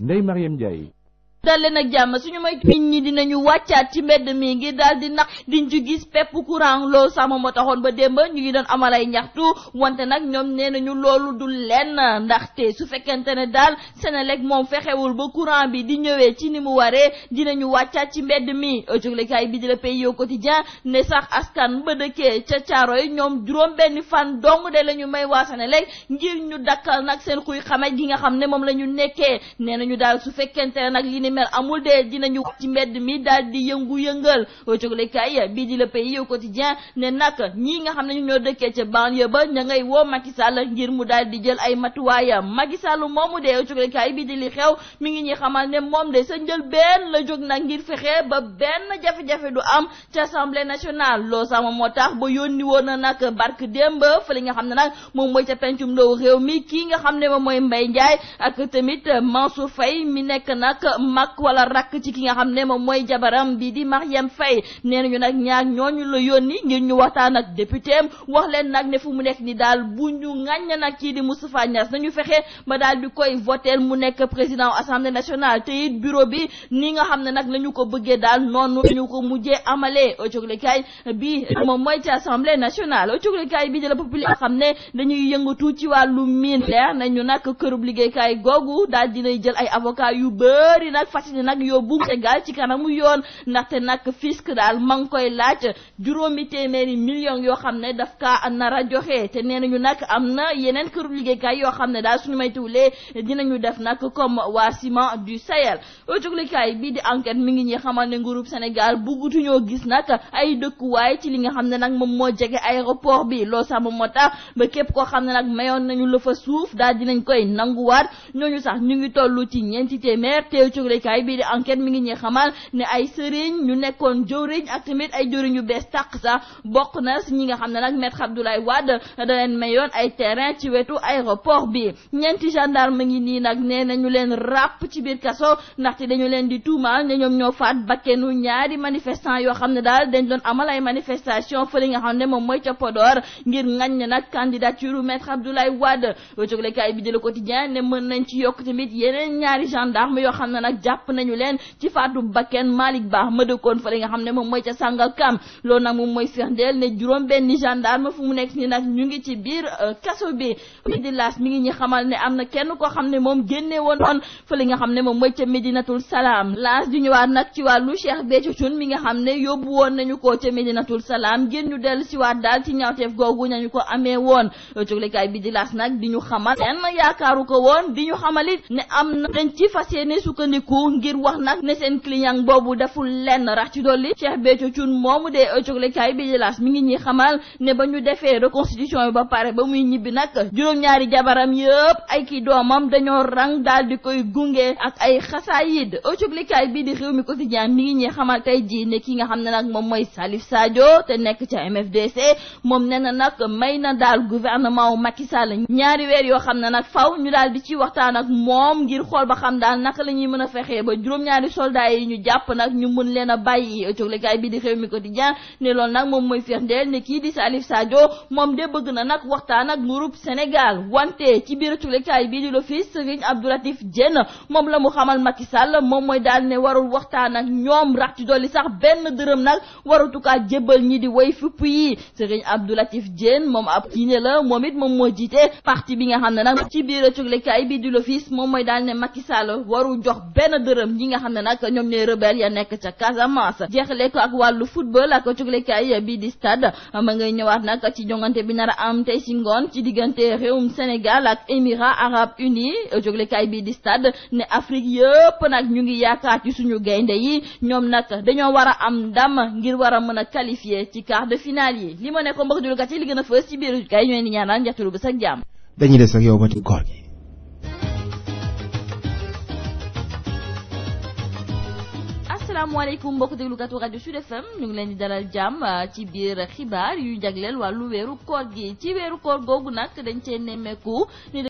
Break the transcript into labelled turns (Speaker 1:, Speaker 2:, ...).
Speaker 1: Ndeye Marieme Ndiaye dalee nag jàmm suñu may nit ñi dinañu wàccaat ci mbedd mi ngir daal di naq diñ ci gis pepp courant loolu sax moom moo taxoon ba démb ñu ngi doon amal ay ñaxtu wante nag ñoom nee ñu loolu du lenn ndaxte su fekkente ne daal Senelec moom fexewul ba courant bi di ñëwee ci ni mu waree dinañu wàccaat ci mbedd mi jóglekaay bi di la Pays au quotidien ne sax askan ba dëkkee ca caaro yi ñoom juróom benn fan dong de la ñu may waa Senelec ngir ñu dakkal nag seen xuy xamaj gi nga xam ne moom la ñu nekkee nee nañu daal su fekkente ne nag li ni mel amul de dinañu ci mbedd mi daal di yëngu-yëngal coglekaay bii di le pays au quotidien ne nag ñii nga xam ne ñu ñoo dëkkee ca banlieue ba ña ngay woo Macky Sall ngir mu daal di jël ay matuwaayam Macky Sall moomu de coglekaay bii di li xew mi ngi ñuy xamal ne moom de sa njël benn la jóg nag ngir fexee ba benn jafe-jafe du am ca assemblée nationale loo sama moo tax ba yónni woon na nag barke fa li nga xam ne nag moom mooy ca pencum ndaw réew mi kii nga xam ne moom mooy Mbaye Ndiaye ak tamit Mansour Faye mi nekk mag wala rakk ci ki nga xam ne moom mooy jabaram bi di Marième Faye nee nañu nag ñaar ñu la yónni ngir ñu waxtaan ak député am wax leen nag ne fu mu nekk ni daal bu ñu ŋàññ nag kii di Moustapha Niass nañu fexe ma daal di koy voter mu nekk président assemblée nationale te it bureau bi ni nga xam ne nag la ñu ko bëggee daal noonu ñu ko mujjee amalee coglekaay bi moom mooy ci assemblée nationale coglekaay bi di la populaire xam ne dañuy yëngatu ci wàllu mine leer nañu nag kërub liggéeykaay googu daal fas ni nag yóbbu Sénégal ci kanamu yoon ndaxte nag fisc daal ma ngi koy laaj juróomi téeméeri millions yoo xam ne daf kaa nar a joxe te nee ñu nag am na yeneen këru liggéeykaay yoo xam ne daal suñu may maytuwulee ñu def nag comme waa ciment du Sahel jóglekaay bii di enquête mi ngi ñi xamal ne nguurub Sénégal buggutuñoo gis nag ay dëkkuwaay ci li nga xam ne nag moom moo jege aéroport bi loolu sax moom moo tax ba képp koo xam ne nag mayoon nañu la suuf daal dinañ koy nanguwaat yëglekaay bii di enquête mi ngi ñuy xamal ne ay sëriñ ñu nekkoon jëwriñ ak tamit ay jëwriñ yu bees tàq sax bokk na ñi nga xam ne nag maître Abdoulaye Wade da leen mayoon ay terrain ci wetu aéroport bi ñeenti gendarme ngi nii nag nee nañu leen ràpp ci biir kaso ndaxte dañu leen di tuumaal ne ñoom ñoo faat bakkenu ñaari manifestant yoo xam ne daal dañ doon amal ay manifestation fële nga xam ne moom mooy ca Podor ngir ngañ nag candidature maître Abdoulaye Wade jóglekaay bi di Le Quotidien ne mën nañ ci yokk tamit yeneen ñaari gendarme yoo xam ne nag jàpp nañu leen ci faatu bakken Malick Ba ma dëkkoon fa li nga xam ne moom mooy ca Sangalkam loolu nag moom mooy seexndeel ne juróom benn gendarme fu mu nekk ni nag ñu ngi ci biir euh, kaso bi di laas mi ngi ñi xamal ne am na kenn koo xam ne moom génne woon fa li nga xam ne moom mooy ca Medinatul Salaam laas di ñëwaat nag ci wàllu Cheikh Béthio Thioune mi nga xam ne yóbbu woon nañu ko ca Medinatul Salaam génn ñu dellu si waat daal ci ñaawteef googu nañu ko amee woon euh, coglekaay bi di laas nag ñu xamal kenn yaakaaru ko woon ñu xamalit na dañ ci sukkandiku dugg ngir wax nag ne seen client boobu deful lenn rax ci dolli Cheikh Béthio Thioune moomu dee coglekaay bi di laas mi ngi ñuy xamal ne ba ñu defee reconstitution yi ba pare ba muy ñibbi nag juróom-ñaari jabaram yëpp ay ki doomam dañoo rang daal di koy gunge ak ay xasaayid coglekaay bi di réew mi mi ngi ñuy xamal tey jii ne ki nga xam ne nag moom mooy Salif Sadio te nekk ca MFDC moom nee na nag may na daal gouvernement wu Macky Sall ñaari weer yoo xam ne nag faw ñu daal di ci waxtaan ak moom ngir xool ba xam daal naka la mën a fexe fexee ba juróom-ñaari soldaa yi ñu jàpp nag ñu mën leen a bàyyi coglikaay bi di réew mi quotidien ne loolu nag moom mooy firndeel ne kii di Salif Sadio moom de bëgg na nag waxtaan ak nguurub Sénégal wante ci biir coglikaay bi di l'office Serigne Abdoulatif Diène moom la mu xamal Macky Sall moom mooy daal ne warul waxtaan ak ñoom rax ci dolli sax benn dërëm nag waratukaa jébbal ñi di woy fupp yi sëriñ Serigne Abdoulatif Diène moom ab ne la moom it moom moo jiite parti bi nga xam ne nag ci biir coglikaay bi di l'office moom mooy daal ne Macky Sall warul jox benn dërëm ñi nga xam ne nag ñoom ñooy rebelle ya nekk ca Casamance jeexle ko ak wàllu football ak cuglekaay bii di stade ma ngay ñëwaat nag ci jongante bi nar am tey si ngoon ci diggante réewum Sénégal ak Émirats arabes unis cuglekaay bii di stade ne Afrique yëpp nag ñu ngi yaakaar ci suñu gaynde yi ñoom nag dañoo war a am ndam ngir war a mën a qualifier ci quart de finale yi li ma nekkoon mbokk dulukat yi li gën a fës ci biir kay ñooy ni ñaanaan njeextalu asalaamaaleykum mbokk déglukatu rajo Sud FM ñu ngi leen di dalal jàmm ah, ci biir xibaar yu jagleel wàllu weeru koor gi ci weeru koor googu nag dañ cee nemmeeku ni